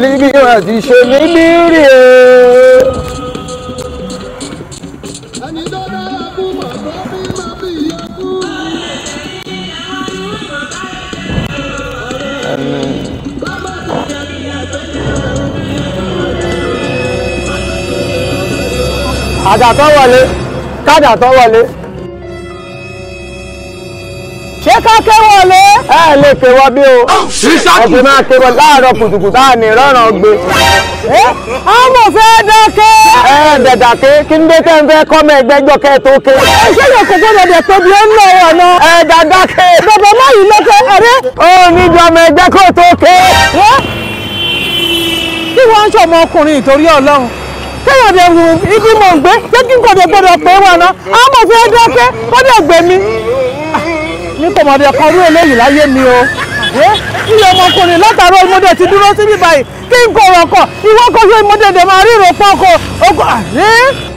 níbi wọn ti ṣe mí bí rí o. ẹni tó dára kú mọ̀ tó bí má bí yọ kú. àjà tó wọlé kájà tó wọlé ṣé ká ké wọlé. ẹ lè ké wọ bí o oh, ọ̀sẹ̀ máa ké wọ láàárọ̀ kùtùkùtù á ní rọ́ràn gbé. a mọ̀ fẹ́ dákẹ́. ẹ dẹ̀dà ké kí n dé tẹ́ ń fẹ́ kọ́ mọ ẹgbẹ́ jọ kẹ́ tó ké. ṣé yóò kó gbọ́dọ̀ dẹ̀ tóbi ó ń lọ ọ̀rọ̀ náà. ẹ dàda ké. bàbá má yìí lọ́kẹ́ ẹ̀rẹ́. ó ní ju ọmọ ẹgbẹ́ kó tó ké. kí wọ́n ń ṣọmọ ọkùnrin ìtorí ọlọ́run kéèyàn lè wù ibi mò ń gbé pé kí n kò dé gbọdọ̀ pé wọn náà a mọ̀ fẹ́ dákẹ́ kó dẹ̀ gbé kò mọ̀ bí ọkàn rú eléyìí láyé mi o mi ọmọkùnrin látàrí ọmọdé ti dúró síbí báyìí kí n kò rọ̀kọ̀ ìwọ́kọ̀ yóò ọmọdé dè máa rí ìrọ̀pọ̀ ọkọ̀